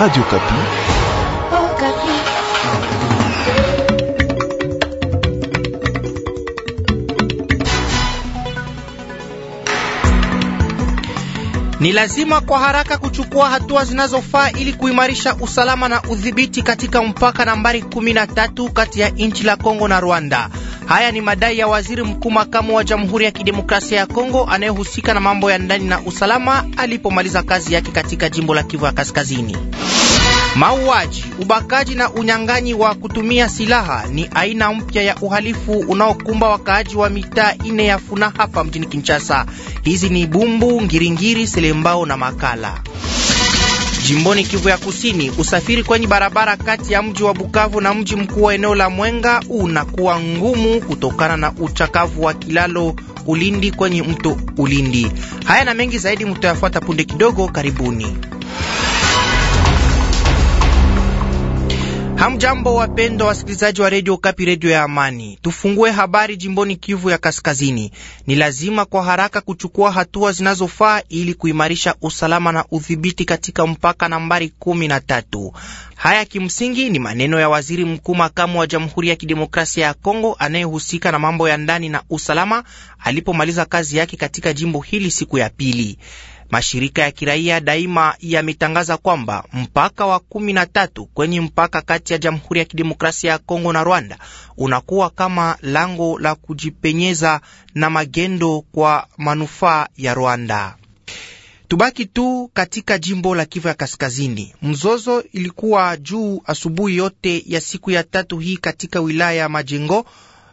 Radio Kapi. Oh, Kapi. Ni lazima kwa haraka kuchukua hatua zinazofaa ili kuimarisha usalama na udhibiti katika mpaka nambari 13 kati ya nchi la Kongo na Rwanda. Haya ni madai ya waziri mkuu makamu wa Jamhuri ya Kidemokrasia ya Kongo anayehusika na mambo ya ndani na usalama alipomaliza kazi yake katika jimbo la Kivu ya Kaskazini. Mauaji, ubakaji na unyang'anyi wa kutumia silaha ni aina mpya ya uhalifu unaokumba wakaaji wa mitaa ine ya Funa hapa mjini Kinshasa. Hizi ni Bumbu, Ngiringiri, Selembao na Makala. Jimboni Kivu ya Kusini, usafiri kwenye barabara kati ya mji wa Bukavu na mji mkuu wa eneo la Mwenga unakuwa ngumu kutokana na uchakavu wa kilalo Ulindi kwenye mto Ulindi. Haya na mengi zaidi mtayafuata punde kidogo. Karibuni. Hamjambo, wapendwa wasikilizaji wa redio Kapi, redio ya Amani. Tufungue habari jimboni Kivu ya Kaskazini. Ni lazima kwa haraka kuchukua hatua zinazofaa ili kuimarisha usalama na udhibiti katika mpaka nambari kumi na tatu. Haya kimsingi ni maneno ya waziri mkuu makamu wa Jamhuri ya Kidemokrasia ya Kongo anayehusika na mambo ya ndani na usalama alipomaliza kazi yake katika jimbo hili siku ya pili. Mashirika ya kiraia daima yametangaza kwamba mpaka wa kumi na tatu kwenye mpaka kati ya Jamhuri ya Kidemokrasia ya Kongo na Rwanda unakuwa kama lango la kujipenyeza na magendo kwa manufaa ya Rwanda. Tubaki tu katika jimbo la Kivu ya Kaskazini. Mzozo ilikuwa juu asubuhi yote ya siku ya tatu hii katika wilaya ya Majengo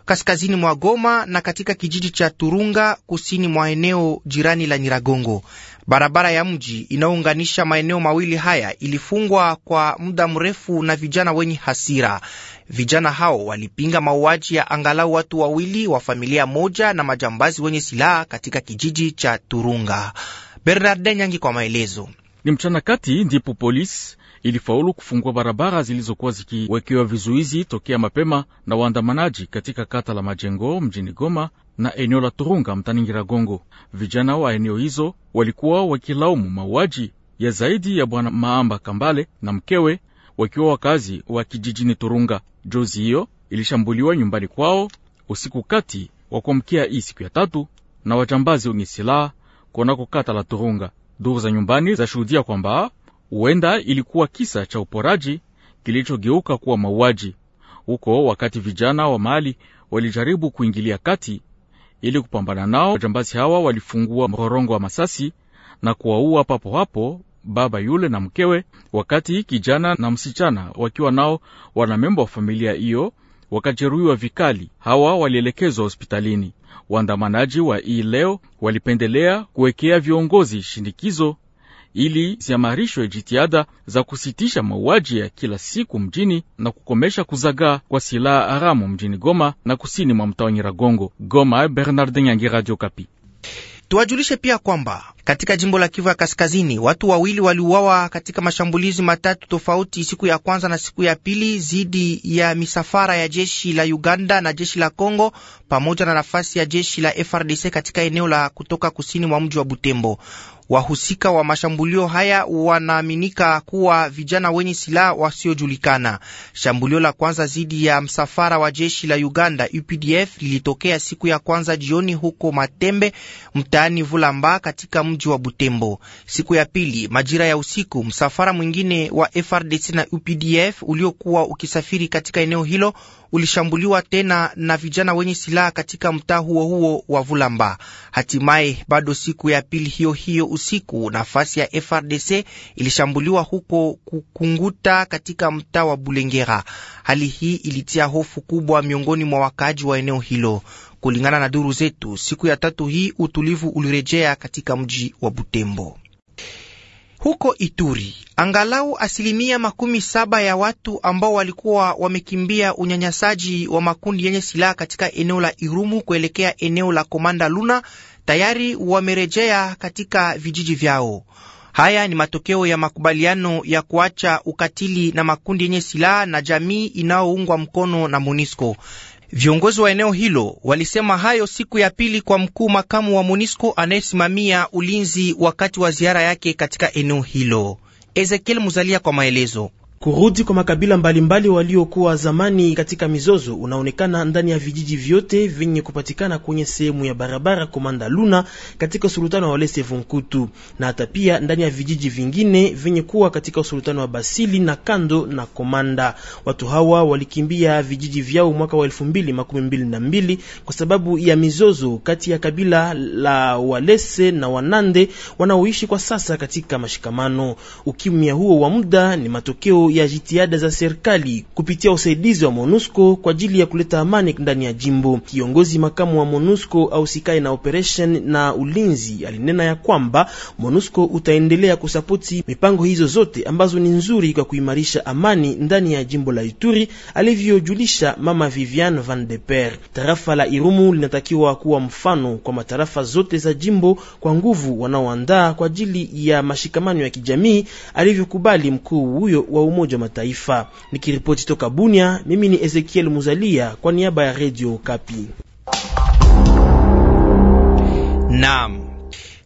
kaskazini mwa Goma na katika kijiji cha Turunga kusini mwa eneo jirani la Nyiragongo. Barabara ya mji inayounganisha maeneo mawili haya ilifungwa kwa muda mrefu na vijana wenye hasira. Vijana hao walipinga mauaji ya angalau watu wawili wa familia moja na majambazi wenye silaha katika kijiji cha Turunga. Bernarde Nyangi kwa maelezo. Ni mchana kati ndipo polisi ilifaulu kufungua barabara zilizokuwa zikiwekewa vizuizi tokea mapema na waandamanaji katika kata la Majengo mjini Goma na eneo la Turunga mtani Ngiragongo. Vijana wa eneo hizo walikuwa wakilaumu mauaji ya zaidi ya bwana Maamba Kambale na mkewe wakiwa wakazi wa kijijini Turunga. Jozi hiyo ilishambuliwa nyumbani kwao usiku kati wa kuamkia hii siku ya tatu na wajambazi wenye silaha konako kata la Turunga. Duru za nyumbani zashuhudia kwamba Huenda ilikuwa kisa cha uporaji kilichogeuka kuwa mauaji huko, wakati vijana wa mali walijaribu kuingilia kati ili kupambana nao. Wajambazi hawa walifungua mkorongo wa masasi na kuwaua papo hapo baba yule na mkewe, wakati kijana na msichana wakiwa nao wanamemba wa familia hiyo wakajeruhiwa vikali. Hawa walielekezwa hospitalini. Waandamanaji wa hii leo walipendelea kuwekea viongozi shinikizo ili ziamarishwe jitihada za kusitisha mauaji ya kila siku mjini na kukomesha kuzagaa kwa silaha haramu mjini Goma na kusini mwa wa Nyiragongo. Goma, Bernard Nyangi, Radio Kapi. Tuwajulishe pia kwamba katika jimbo la Kivu ya Kaskazini watu wawili waliuawa katika mashambulizi matatu tofauti siku ya kwanza na siku ya pili dhidi ya misafara ya jeshi la Uganda na jeshi la congo pamoja na nafasi ya jeshi la FRDC katika eneo la kutoka kusini mwa mji wa Butembo. Wahusika wa mashambulio haya wanaaminika kuwa vijana wenye silaha wasiojulikana. Shambulio la kwanza dhidi ya msafara wa jeshi la Uganda UPDF lilitokea siku ya kwanza jioni huko Matembe mtaani Vulamba katika mji wa Butembo. Siku ya pili majira ya usiku, msafara mwingine wa FRDC na UPDF uliokuwa ukisafiri katika eneo hilo ulishambuliwa tena na vijana wenye silaha katika mtaa huo huo wa Vulamba. Hatimaye bado siku ya pili hiyo hiyo usiku, nafasi ya FRDC ilishambuliwa huko Kukunguta katika mtaa wa Bulengera. Hali hii ilitia hofu kubwa miongoni mwa wakaaji wa eneo hilo. Kulingana na duru zetu, siku ya tatu hii utulivu ulirejea katika mji wa Butembo. Huko Ituri, angalau asilimia makumi saba ya watu ambao walikuwa wamekimbia unyanyasaji wa makundi yenye silaha katika eneo la Irumu kuelekea eneo la Komanda Luna tayari wamerejea katika vijiji vyao. Haya ni matokeo ya makubaliano ya kuacha ukatili na makundi yenye silaha na jamii inayoungwa mkono na MONUSCO. Viongozi wa eneo hilo walisema hayo siku ya pili kwa mkuu makamu wa MONUSCO anayesimamia ulinzi wakati wa ziara yake katika eneo hilo. Ezekiel Muzalia kwa maelezo. Kurudi kwa makabila mbalimbali waliokuwa zamani katika mizozo unaonekana ndani ya vijiji vyote vyenye kupatikana kwenye sehemu ya barabara Komanda Luna katika usultani wa Walese Vunkutu, na hata pia ndani ya vijiji vingine vyenye kuwa katika usultani wa Basili na kando na Komanda. Watu hawa walikimbia vijiji vyao mwaka wa mbili kwa sababu ya mizozo kati ya kabila la Walese na Wanande wanaoishi kwa sasa katika mashikamano. Ukimya huo wa muda ni matokeo ya jitihada za serikali kupitia usaidizi wa MONUSCO kwa ajili ya kuleta amani ndani ya jimbo. Kiongozi makamu wa MONUSCO ausikae na operation na ulinzi alinena ya kwamba MONUSCO utaendelea kusapoti mipango hizo zote ambazo ni nzuri kwa kuimarisha amani ndani ya jimbo la Ituri, alivyojulisha Mama Viviane Van de Per. Tarafa la Irumu linatakiwa kuwa mfano kwa matarafa zote za jimbo kwa nguvu wanaoandaa kwa ajili ya mashikamano ya kijamii, alivyokubali mkuu huyo wa umo Umoja wa Mataifa. Nikiripoti toka Bunia, mimi ni Ezekiel Muzalia kwa niaba ya Redio Kapi. Naam.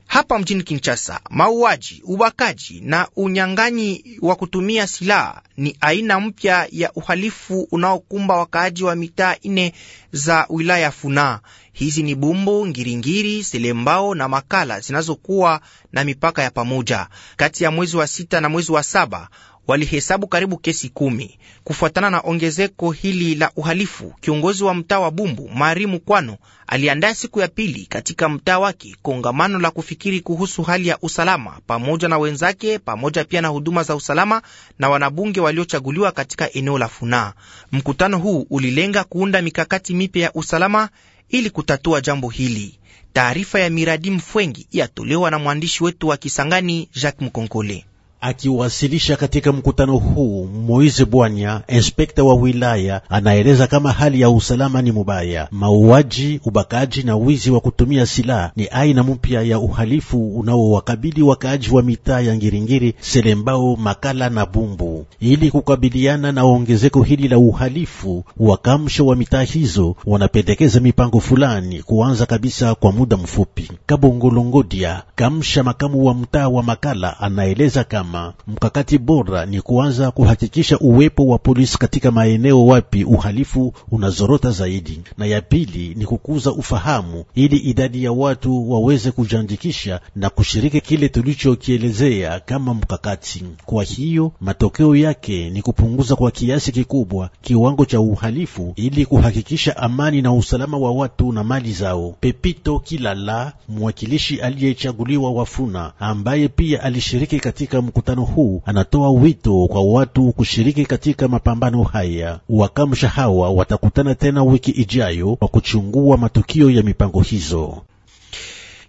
Hapa mjini Kinshasa, mauaji, ubakaji na unyang'anyi wa kutumia silaha ni aina mpya ya uhalifu unaokumba wakaaji wa mitaa ine za wilaya Funaa Hizi ni Bumbu, Ngiringiri, Selembao na Makala zinazokuwa na mipaka ya pamoja. Kati ya mwezi wa sita na mwezi wa saba walihesabu karibu kesi kumi. Kufuatana na ongezeko hili la uhalifu, kiongozi wa mtaa wa Bumbu Marimu Kwano aliandaa siku ya pili katika mtaa wake kongamano la kufikiri kuhusu hali ya usalama pamoja na wenzake, pamoja pia na huduma za usalama na wanabunge waliochaguliwa katika eneo la Funaa. Mkutano huu ulilenga kuunda mikakati mipya ya usalama ili kutatua jambo hili, taarifa ya miradi mfwengi yatolewa na mwandishi wetu wa Kisangani Jacques Mkonkole. Akiwasilisha katika mkutano huu, Moise Bwanya, inspekta wa wilaya, anaeleza kama hali ya usalama ni mubaya. Mauaji, ubakaji na wizi wa kutumia silaha ni aina mpya ya uhalifu unaowakabili wakaaji wa mitaa ya Ngiringiri, Selembao, Makala na Bumbu. Ili kukabiliana na ongezeko hili la uhalifu, wakamsho wa mitaa hizo wanapendekeza mipango fulani kuanza kabisa kwa muda mfupi. Kabongolongodia Kamsha, makamu wa mtaa wa Makala, anaeleza kama amesema mkakati bora ni kuanza kuhakikisha uwepo wa polisi katika maeneo wapi uhalifu unazorota zaidi, na ya pili ni kukuza ufahamu ili idadi ya watu waweze kujiandikisha na kushiriki kile tulichokielezea kama mkakati. Kwa hiyo matokeo yake ni kupunguza kwa kiasi kikubwa kiwango cha uhalifu ili kuhakikisha amani na usalama wa watu na mali zao. Pepito Kilala, mwakilishi aliyechaguliwa Wafuna, ambaye pia alishiriki katika mkutano huu anatoa wito kwa watu kushiriki katika mapambano haya. Wakamsha hawa watakutana tena wiki ijayo kwa kuchungua matukio ya mipango hizo.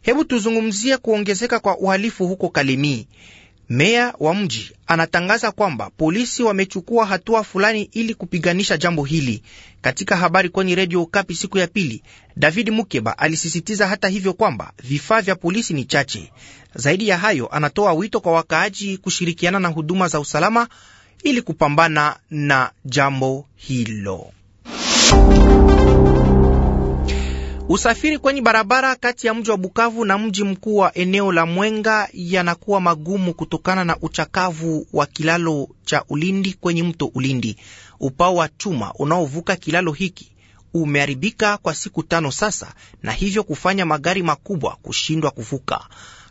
Hebu tuzungumzie kuongezeka kwa uhalifu huko Kalemi. Meya wa mji anatangaza kwamba polisi wamechukua hatua fulani ili kupiganisha jambo hili. Katika habari kwenye redio Okapi siku ya pili, David Mukeba alisisitiza hata hivyo kwamba vifaa vya polisi ni chache. Zaidi ya hayo, anatoa wito kwa wakaaji kushirikiana na huduma za usalama ili kupambana na jambo hilo. Usafiri kwenye barabara kati ya mji wa Bukavu na mji mkuu wa eneo la Mwenga yanakuwa magumu kutokana na uchakavu wa kilalo cha Ulindi kwenye mto Ulindi. Upao wa chuma unaovuka kilalo hiki umeharibika kwa siku tano sasa, na hivyo kufanya magari makubwa kushindwa kuvuka.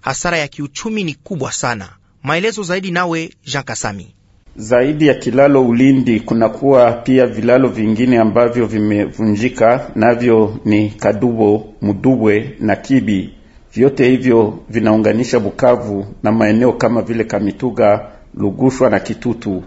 Hasara ya kiuchumi ni kubwa sana. Maelezo zaidi nawe Jean Kasami. Zaidi ya kilalo Ulindi kunakuwa pia vilalo vingine ambavyo vimevunjika, navyo ni Kadubo, Mudubwe na Kibi. Vyote hivyo vinaunganisha Bukavu na maeneo kama vile Kamituga, Lugushwa na Kitutu.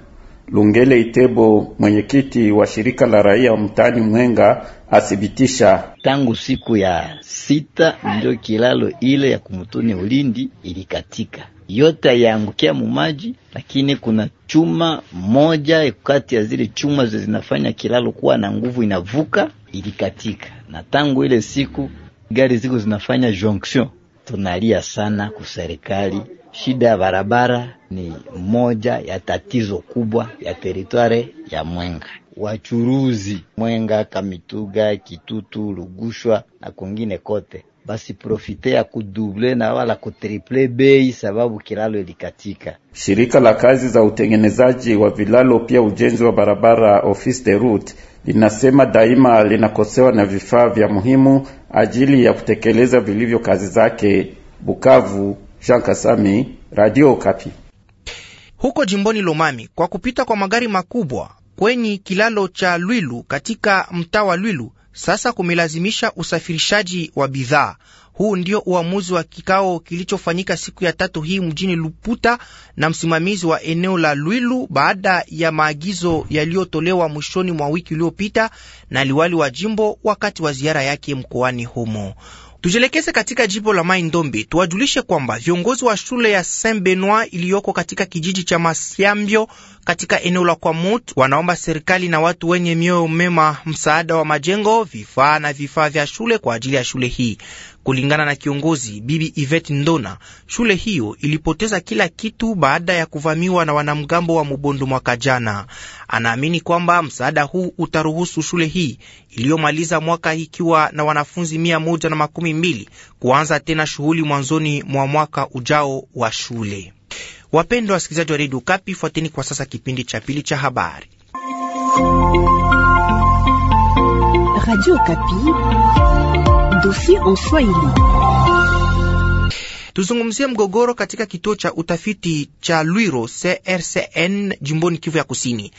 Lungele Itebo, mwenyekiti wa shirika la raia mtaani Mwenga, athibitisha tangu siku ya sita ndio kilalo ile ya kumutuni Ulindi ilikatika yote yaangukia mumaji, lakini kuna chuma moja kati ya zile chuma zinafanya kilalo kuwa na nguvu, inavuka ilikatika, na tangu ile siku gari ziko zinafanya jonction. Tunalia sana kuserikali. Shida ya barabara ni moja ya tatizo kubwa ya teritware ya Mwenga. Wachuruzi Mwenga, Kamituga, Kitutu, Lugushwa na kwingine kote basiprofite ya kuduble na wala kutriple bei sababu kilalo ilikatika. Shirika la kazi za utengenezaji wa vilalo pia ujenzi wa barabara Office de Route linasema daima linakosewa na vifaa vya muhimu ajili ya kutekeleza vilivyo kazi zake. Bukavu, Jean Kasami, Radio Kapi. Huko jimboni Lomami, kwa kupita kwa magari makubwa kwenye kilalo cha Lwilu katika mtaa wa Lwilu sasa kumelazimisha usafirishaji wa bidhaa. Huu ndio uamuzi wa kikao kilichofanyika siku ya tatu hii mjini Luputa na msimamizi wa eneo la Lwilu baada ya maagizo yaliyotolewa mwishoni mwa wiki uliopita na liwali wa jimbo wakati wa ziara yake mkoani humo. Tujielekeze katika jimbo la Mai Ndombe, tuwajulishe kwamba viongozi wa shule ya Saint Benoit iliyoko katika kijiji cha masiambio katika eneo la Kwamut wanaomba serikali na watu wenye mioyo mema msaada wa majengo, vifaa na vifaa vya shule kwa ajili ya shule hii. Kulingana na kiongozi Bibi Ivet Ndona, shule hiyo ilipoteza kila kitu baada ya kuvamiwa na wanamgambo wa Mubondo mwaka jana. Anaamini kwamba msaada huu utaruhusu shule hii iliyomaliza mwaka ikiwa na wanafunzi mia moja na makumi mbili kuanza tena shughuli mwanzoni mwa mwaka ujao wa shule. Wapendwa wasikilizaji wa redio Kapi, fuateni kwa sasa kipindi cha pili cha habari. Radio Kapi. Dossier en Swahili. Tuzungumzie mgogoro katika kituo cha utafiti cha Lwiro CRCN jimboni Kivu ya Kusini.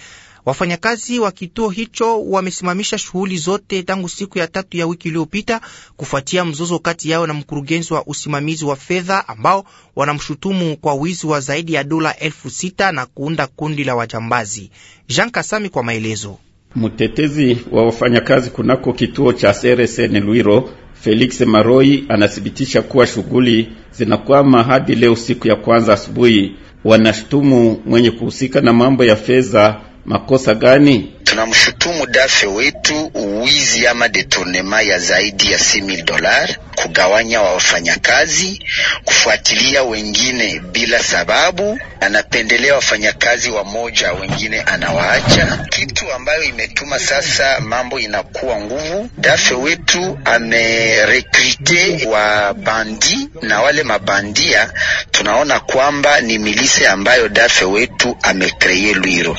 Wafanyakazi wa kituo hicho wamesimamisha shughuli zote tangu siku ya tatu ya wiki iliyopita kufuatia mzozo kati yao na mkurugenzi wa usimamizi wa fedha ambao wanamshutumu kwa wizi wa zaidi ya dola elfu sita na kuunda kundi la wajambazi. Jean Kasami kwa maelezo. Mtetezi wa wafanyakazi kunako kituo cha CRCN Lwiro Felix Maroi anathibitisha kuwa shughuli zinakwama hadi leo siku ya kwanza asubuhi. Wanashtumu mwenye kuhusika na mambo ya fedha makosa gani? Tunamshutumu dafe wetu uwizi ama detournema ya zaidi ya simil dolar, kugawanya wa wafanyakazi, kufuatilia wengine bila sababu, anapendelea wafanyakazi wamoja, wengine anawaacha, kitu ambayo imetuma sasa mambo inakuwa nguvu. Dafe wetu amerekrite wabandi na wale mabandia, tunaona kwamba ni milise ambayo dafe wetu amekreye Lwiro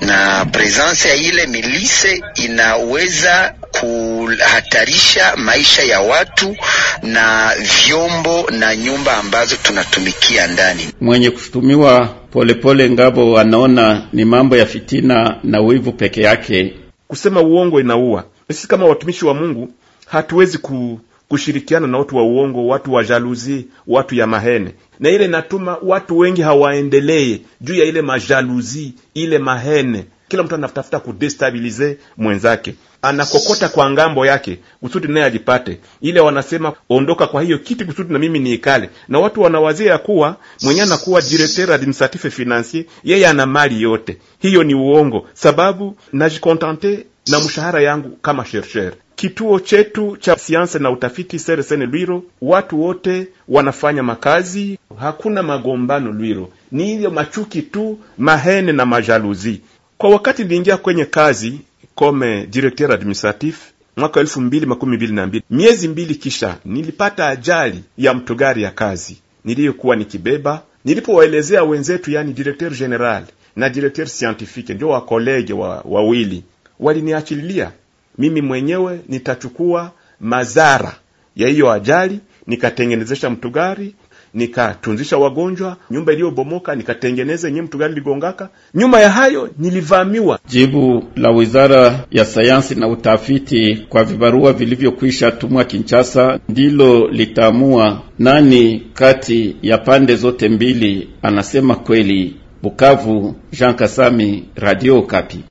na presence ya ile milise inaweza kuhatarisha maisha ya watu na vyombo na nyumba ambazo tunatumikia ndani. Mwenye kushutumiwa Polepole Ngabo anaona ni mambo ya fitina na wivu peke yake. Kusema uongo inaua. Sisi kama watumishi wa Mungu hatuwezi ku kushirikiana na watu wa uongo, watu wa jaluzi, watu ya mahene, na ile natuma watu wengi hawaendelee juu ya ile majaluzi, ile mahene. Kila mtu anatafuta kudestabilize mwenzake, anakokota kwa ngambo yake kusudi naye ajipate ile, wanasema ondoka kwa hiyo kiti kusudi na mimi niikale. Na watu wanawazia kuwa mwenye anakuwa directeur administratif financier yeye ana mali yote. Hiyo ni uongo, sababu najikontante na mshahara yangu kama chercheur kituo chetu cha siansa na utafiti Seresene Lwiro, watu wote wanafanya makazi, hakuna magombano Lwiro, ni hivyo machuki tu, mahene na majaluzi. Kwa wakati niliingia kwenye kazi kome directeur administratif mwaka elfu mbili makumi mbili na mbili miezi mbili kisha nilipata ajali ya mtugari ya kazi niliyokuwa nikibeba. Nilipowaelezea wenzetu, yani directeur general na directeur scientifique, ndio wakolege wawili, waliniachililia mimi mwenyewe nitachukua madhara ya hiyo ajali, nikatengenezesha mtu gari, nikatunzisha wagonjwa, nyumba iliyobomoka nikatengeneza yenyewe mtu gari ligongaka. Nyuma ya hayo nilivamiwa. Jibu la Wizara ya Sayansi na Utafiti kwa vibarua vilivyokwisha tumwa Kinshasa ndilo litaamua nani kati ya pande zote mbili anasema kweli. Bukavu, Jean Kasami, Radio Kapi.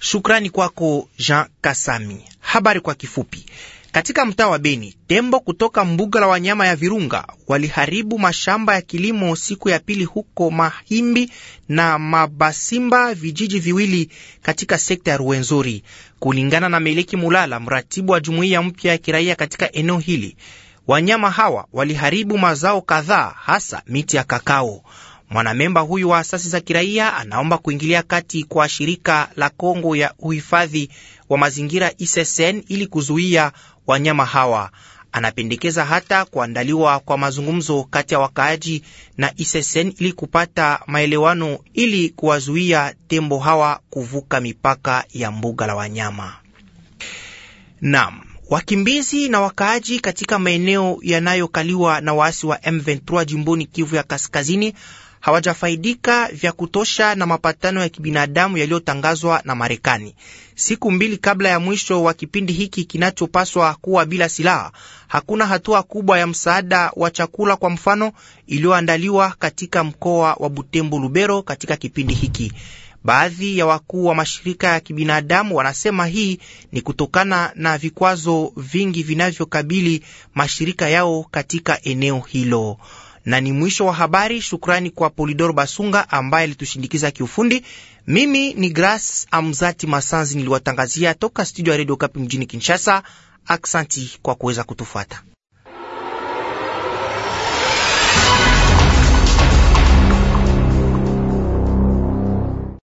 Shukrani kwako Jean Kasami. Habari kwa kifupi. Katika mtaa wa Beni, tembo kutoka mbuga la wanyama ya Virunga waliharibu mashamba ya kilimo siku ya pili huko Mahimbi na Mabasimba, vijiji viwili katika sekta ya Ruwenzori, kulingana na Meleki Mulala, mratibu wa jumuiya mpya ya kiraia katika eneo hili. Wanyama hawa waliharibu mazao kadhaa, hasa miti ya kakao. Mwanamemba huyu wa asasi za kiraia anaomba kuingilia kati kwa shirika la Kongo ya uhifadhi wa mazingira ssn ili kuzuia wanyama hawa. Anapendekeza hata kuandaliwa kwa mazungumzo kati ya wakaaji na ssn ili kupata maelewano ili kuwazuia tembo hawa kuvuka mipaka ya mbuga la wanyama. Naam. Wakimbizi na wakaaji katika maeneo yanayokaliwa na waasi wa M23 jimboni Kivu ya Kaskazini hawajafaidika vya kutosha na mapatano ya kibinadamu yaliyotangazwa na Marekani. Siku mbili kabla ya mwisho wa kipindi hiki kinachopaswa kuwa bila silaha, hakuna hatua kubwa ya msaada wa chakula, kwa mfano, iliyoandaliwa katika mkoa wa Butembo Lubero katika kipindi hiki. Baadhi ya wakuu wa mashirika ya kibinadamu wanasema hii ni kutokana na vikwazo vingi vinavyokabili mashirika yao katika eneo hilo na ni mwisho wa habari. Shukrani kwa Polidor Basunga ambaye alitushindikiza kiufundi. Mimi ni Grace Amzati Masanzi niliwatangazia toka studio ya Radio Kapi mjini Kinshasa. Aksanti kwa kuweza kutufuata.